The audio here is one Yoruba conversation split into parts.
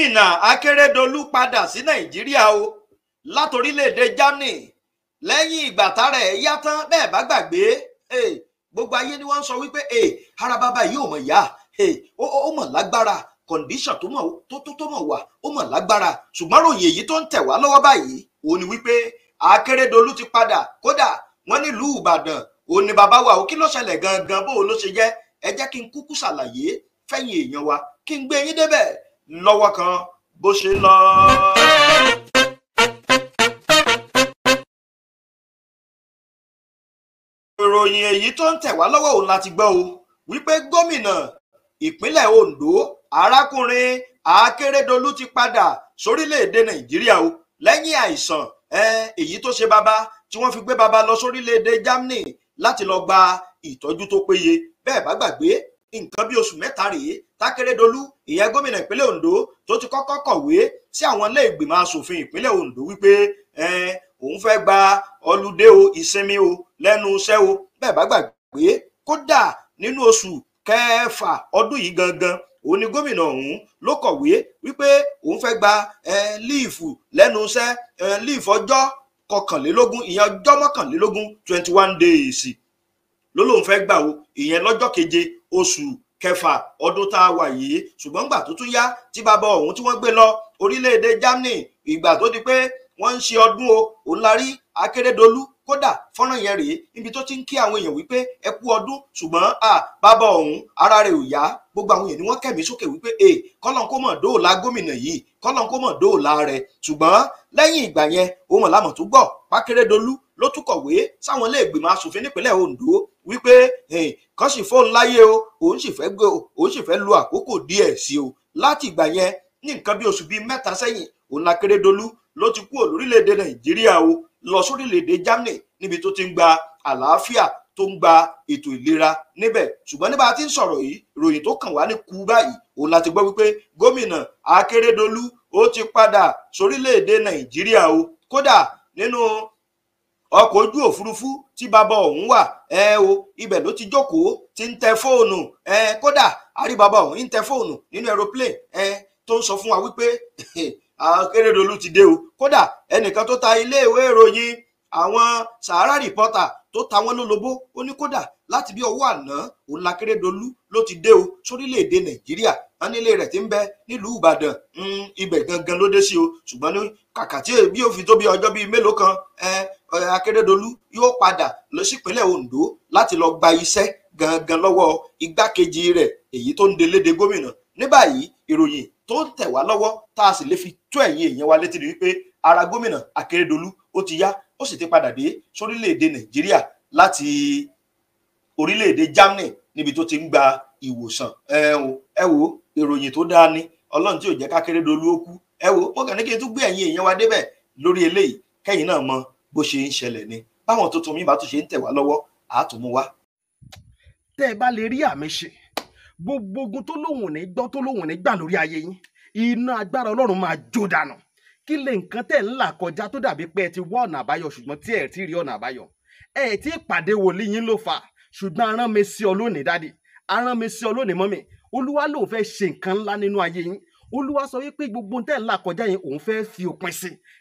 gómìnà akérèdọlù padà sí nàìjíríà o látòrílẹ̀èdè germany lẹ́yìn ìgbà tára ẹ yá tán bẹ́ẹ̀ bá gbàgbé gbogbo ayé ni wọ́n sọ wípé ara bàbá yìí ò mọ ìyá ó mọ lágbára kọndíṣàn tó mọ tó mọ wà ó mọ lágbára ṣùgbọ́n ròyìn èyí tó ń tẹ̀ wá lọ́wọ́ báyìí òun ni wípé akérèdọlù ti padà kódà wọ́n nílùú ìbàdàn òun ni bàbá wa ò kí ló ṣẹlẹ̀ gangan bó ló ṣe jẹ́ ẹ jẹ́ kí n kúkú ṣàlàyé fẹ̀yìn èèyàn wa kí n gbé yín débẹ̀ lọ́wọ́ kan bó ṣe lọ. ìròyìn èyí tó ń tẹ̀ wá lọ́wọ́ òun láti gbọ́ o wípé gómìnà ìpínlẹ̀ Ondo arákùnrin Akérèdọ́lù ti padà sórílẹ̀-èdè Nàìjíríà o lẹ́yìn àìsàn èyí tó ṣe bàbá tí wọ́n fi gbé bàbá lọ sórílẹ̀-èdè Germany láti lọ gba ìtọ́jú tó péye bẹ́ẹ̀ bá gbàgbé nǹkan bí oṣù mẹ́ta rèé tákérédolú ìyẹn gómìnà ìpínlẹ̀ ondo tó ti kọ́kọ́ kọ̀wé sí àwọn ilé ìgbìmọ̀ asòfin ìpínlẹ̀ ondo wípé òun fẹ́ gba ọlùdé o ìsinmi o lẹ́nu iṣẹ́ o bẹ́ẹ̀ bá gbàgbé kódà nínú oṣù kẹfà ọdún yìí gangan òun ni gómìnà ọ̀hún ló kọ̀wé wípé òun fẹ́ gba líìfù lẹ́nu iṣẹ́ líìfù ọjọ́ kọkànlélógún ìyẹn ọjọ́ mọ́kànlélógún twenty one days ló lóun fẹ́ gbà o ìyẹn lọ́jọ́ keje oṣù kẹfà ọdún tá a wà yìí ṣùgbọ́n gbà tó tún yá tí bàbá ọ̀hún tí wọ́n gbé lọ orílẹ̀-èdè Germany ìgbà tó di pé wọ́n ń ṣe ọdún o òun la rí Akérédolú kódà fọ́nrán yẹn rèé níbi tó ti ń kí àwọn èèyàn wípé ẹ kú ọdún ṣùgbọ́n bàbá ọ̀hún ara rẹ̀ ò yá gbogbo àwọn èèyàn ni wọ́n kẹ̀mí sókè wípé e kọ́lọ́n kó mọ̀ dóòlà gómìnà yìí kọ́lọ́n kó mọ̀ dóòlà rẹ̀ ṣùgbọ́n lẹ́yìn ìgbà yẹn ohun ọ̀làmọ̀ tó gbọ́ pákérédolú ló tún kọ̀wé sáwọn ilé ìgbìmọ̀ asòfin nípínlẹ̀ Ondo wípé kàn sì fóun láyé o òun sì fẹ́ gbé o òun sì fẹ́ lo àkókò díẹ̀ sí o láti ìgbà yẹn ní nǹkan bí oṣù bíi mẹ́ta sẹ́yìn òun akérèdọ́lù ló ti kúrò lórílẹ̀‐èdè nàìjíríà o lọ sórílẹ̀‐èdè germany níbi tó ti ń gba àlàáfíà tó ń gba ètò ìlera níbẹ̀ ṣùgbọ́n nígbà tí ń sọ̀rọ̀ yìí ìròyìn tó kàn wá ní kú báyìí òun láti gbọ́ wípé gómìnà akérèdọ́lù ó ti padà sórílẹ̀-èdè nàìjíríà o kódà nínú ọkọ̀ ojú òfurufú tí bàbá ọ̀hún wà ẹ o ibẹ̀ ló ti jókòó ti ń tẹ fóònù ẹ kódà àrí bàbá ọ̀hún ń tẹ fóònù nínú aeroplane ẹ tó ń sọ fún wa wípé akérèdọ́lù ti dé o kódà ẹnìkan tó ta iléèwé ìròyìn àwọn sahara reporter tó ta wọ́n lólobó ó ní kódà láti bí ọwọ́ àná òun lakérèdọ́lù ló ti dé o sórílẹ̀-èdè nàìjíríà wọn nílé rẹ̀ ti ń bẹ nílùú ìbàdàn hmm, ibẹ̀ gangan ló dé sí o ṣùgbọ́n ní kàkà tí èbí ò fi tó bí ọjọ́ bíi mélòó kan akérèdọ́lù yóò padà lọ sípínlẹ̀ ondo láti lọ gba iṣẹ́ gangan lọ́wọ́ igbákejì rẹ̀ èyí tó ń deléde gómìnà ní báyìí ìròyìn tó ń tẹ̀ wá lọ́wọ́ tá a sì lè fi tó ẹ̀yin èèyàn wa létí ni wípé ara gómìnà akérèdọ́lù ó ti yá ó sì ti padà dé sórílẹ̀-èdè nàìjíríà láti orílẹ̀-èdè germany níbi tó ti ń gba ìwòsàn ẹ wo ìròyìn tó dáa ni ọlọ́run tí ò jẹ́ kákérédolú ó kú ẹ wo mo kàn ní kí n tún gbé ẹ̀yin èèyàn wa débẹ̀ lórí eléyìí kẹ́yìn náà mọ bó ṣe ń ṣẹlẹ̀ ni báwọn tuntun mi bá tún ṣe ń tẹ̀ wá lọ́wọ́ àátùmú wá. tẹ́ ẹ bá lè rí àmì ṣe gbogbo ogun tó lóhùn ní gbọ́ tó lóhùn ní gbà lórí ayé yín iná agbára ọlọ́run máa jó dànù kí lè nǹkan tẹ̀ ń là kọjá tó dàbí pé ẹ ti wá ọ̀nà àbáyọ ṣùgbọ́n tí ẹ ti rí ọ̀nà àbáyọ ẹ ti pàdé wòlíì yín ló fà ṣùgbọ́n arán mi sí ọ lónìí dádì arán mi sí ọ lónìí mọ́mì olúwa lòun fẹ́ ṣe nǹkan ńlá nínú ayé yín olúwa sọ wípé gbogbo tẹ̀ ń là kọjá yẹn òun fẹ́ fi òpin sí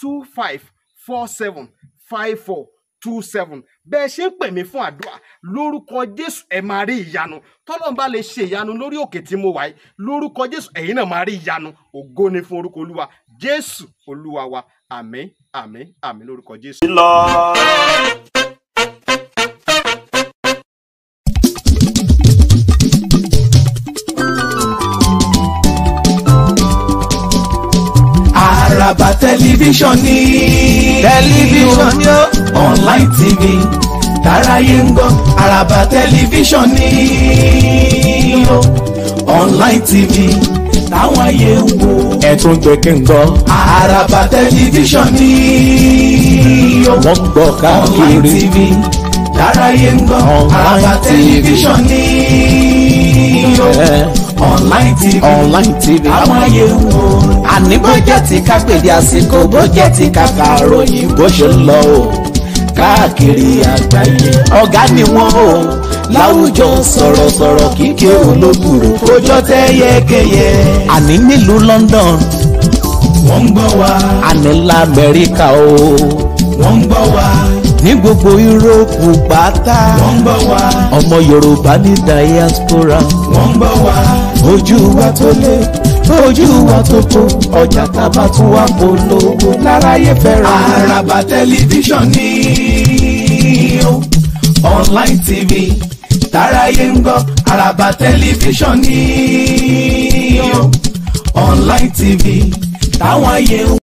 two five four seven five four two seven bẹ́ẹ̀ ṣe ń pè mí fún àdúrà lórúkọ jésù ẹ̀ máa rí ìyanu tọ́lọ́n bá lè ṣe ìyanu lórí òkè tí mo wà yìí lórúkọ jésù ẹ̀yin náà máa rí ìyanu ògo ni fún orúkọ olúwa jésù olúwa wa àmín àmín àmín lórúkọ jésù. tẹlifíṣàn ni. tẹlifíṣàn ni ó. online tv tàráyé ń gbọ́ àràbà tẹlifíṣàn ni online tv táwọn ayé ń wo. ẹ tún gbé kí n gbọ́. àràbà tẹlifíṣàn ni wọ́n gbọ́ káàkiri. online tv tàráyé ń gbọ́ àràbà tẹlifíṣàn ni ó online tv online tv amáyéwò àní bó jẹ́ ti ká pèdé àsìkò bó jẹ́ ti ká kàròyìn bó ṣe ń lọ o káàkiri àgbáyé ọ̀gá ni wọ́n o láwùjọ sọ̀rọ̀sọ̀rọ̀ kíkẹ́ olóbùrò ojọ́ tẹ́ yẹ́kẹ́yẹ́ àní nílùú London wọ́n ń gbọ́ wa àní lamẹ́ríkà o wọ́n ń gbọ́ wa ní gbogbo yúróòpù pátá. wọ́n gbọ́ wá. ọmọ yorùbá ní diaspora. wọ́n gbọ́ wá. ojú wa tó lé ojú wa tó tó ọjà tábà tún wá polówó láráyé fẹ́ràn. àràbà tẹlifíṣàn ni ó online tv táráyé ń gbọ́ àràbà tẹlifíṣàn ni ó online tv táwọn ayé ń.